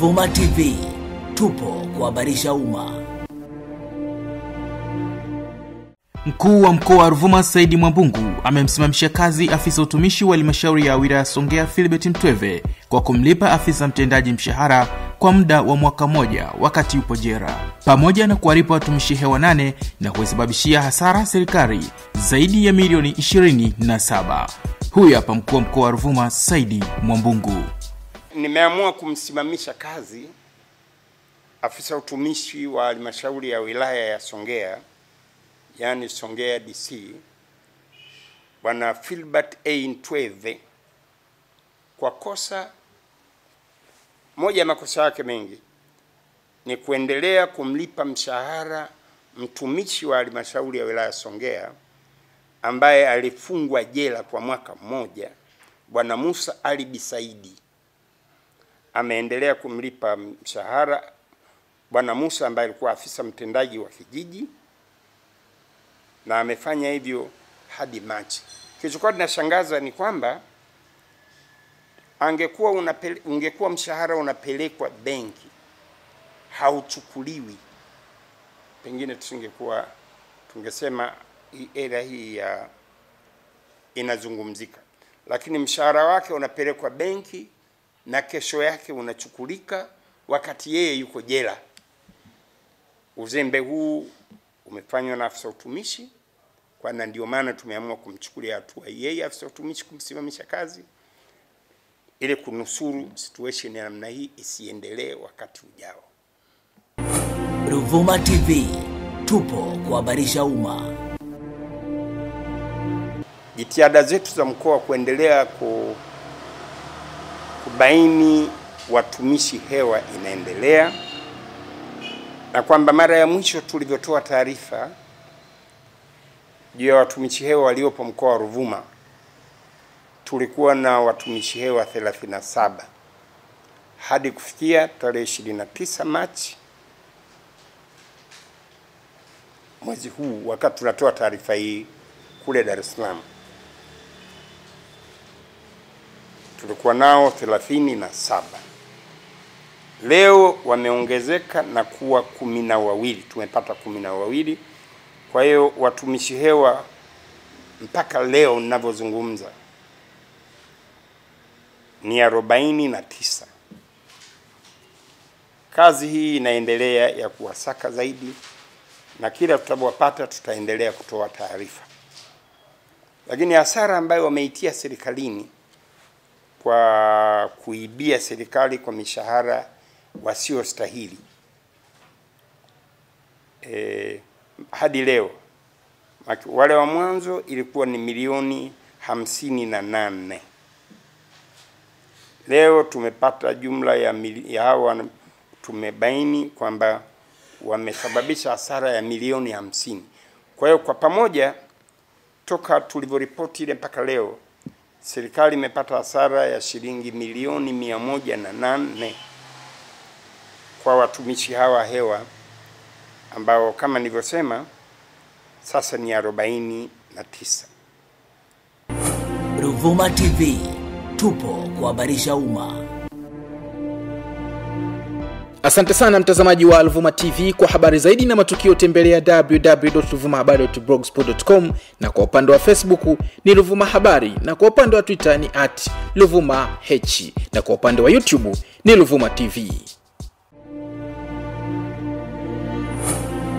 Vuma TV tupo kuhabarisha umma. Mkuu wa mkoa wa Ruvuma Saidi Mwambungu amemsimamisha kazi afisa utumishi wa halmashauri ya wilaya Songea Philbert Mtweve kwa kumlipa afisa mtendaji mshahara kwa muda wa mwaka mmoja wakati yupo jera, pamoja na kuwalipa watumishi hewa nane na kuisababishia hasara serikali zaidi ya milioni 27. Huyu hapa mkuu wa mkoa wa Ruvuma Saidi Mwambungu nimeamua kumsimamisha kazi afisa utumishi wa halmashauri ya wilaya ya Songea, yani Songea DC, bwana Filbert A Ntweve kwa kosa moja ya makosa yake mengi ni kuendelea kumlipa mshahara mtumishi wa halmashauri ya wilaya ya Songea ambaye alifungwa jela kwa mwaka mmoja, bwana Musa Ali Bisaidi ameendelea kumlipa mshahara Bwana Musa ambaye alikuwa afisa mtendaji wa kijiji, na amefanya hivyo hadi Machi. Kilichokuwa kinashangaza ni kwamba angekuwa unapele, ungekuwa mshahara unapelekwa benki hauchukuliwi, pengine tusingekuwa tungesema era hii ya inazungumzika, lakini mshahara wake unapelekwa benki na kesho yake unachukulika wakati yeye yuko jela. Uzembe huu umefanywa na afisa utumishi, kwana ndio maana tumeamua kumchukulia hatua yeye afisa utumishi, kumsimamisha kazi ili kunusuru situation ya namna hii isiendelee wakati ujao. Ruvuma TV tupo kuhabarisha umma. Jitihada zetu za mkoa kuendelea ku kubaini watumishi hewa inaendelea, na kwamba mara ya mwisho tulivyotoa taarifa juu ya watumishi hewa waliopo mkoa wa Ruvuma tulikuwa na watumishi hewa 37 hadi kufikia tarehe 29 Machi mwezi huu, wakati tunatoa taarifa hii kule Dar es Salaam. tulikuwa nao thelathini na saba leo wameongezeka na kuwa kumi na wawili tumepata kumi na wawili kwa hiyo watumishi hewa mpaka leo ninavyozungumza ni arobaini na tisa kazi hii inaendelea ya kuwasaka zaidi na kila tutapowapata tutaendelea kutoa taarifa lakini hasara ambayo wameitia serikalini kwa kuibia serikali kwa mishahara wasiostahili. E, hadi leo wale wa mwanzo ilikuwa ni milioni hamsini na nane. Leo tumepata jumla ya, ya hawa tumebaini kwamba wamesababisha hasara ya milioni hamsini. Kwa hiyo kwa pamoja toka tulivyoripoti ile mpaka leo serikali imepata hasara ya shilingi milioni mia moja na nane kwa watumishi hawa hewa ambao kama nilivyosema sasa ni 49. Ruvuma TV tupo kuhabarisha umma. Asante sana mtazamaji wa luvuma TV kwa habari zaidi na matukio, tembelea www.ruvumahabari.blogspot.com na kwa upande wa Facebook ni Ruvuma Habari na kwa upande wa Twitter ni at luvuma H na kwa upande wa YouTube ni luvuma TV.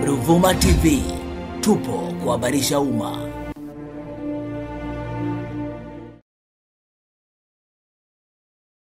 Ruvuma TV tupo kuhabarisha umma.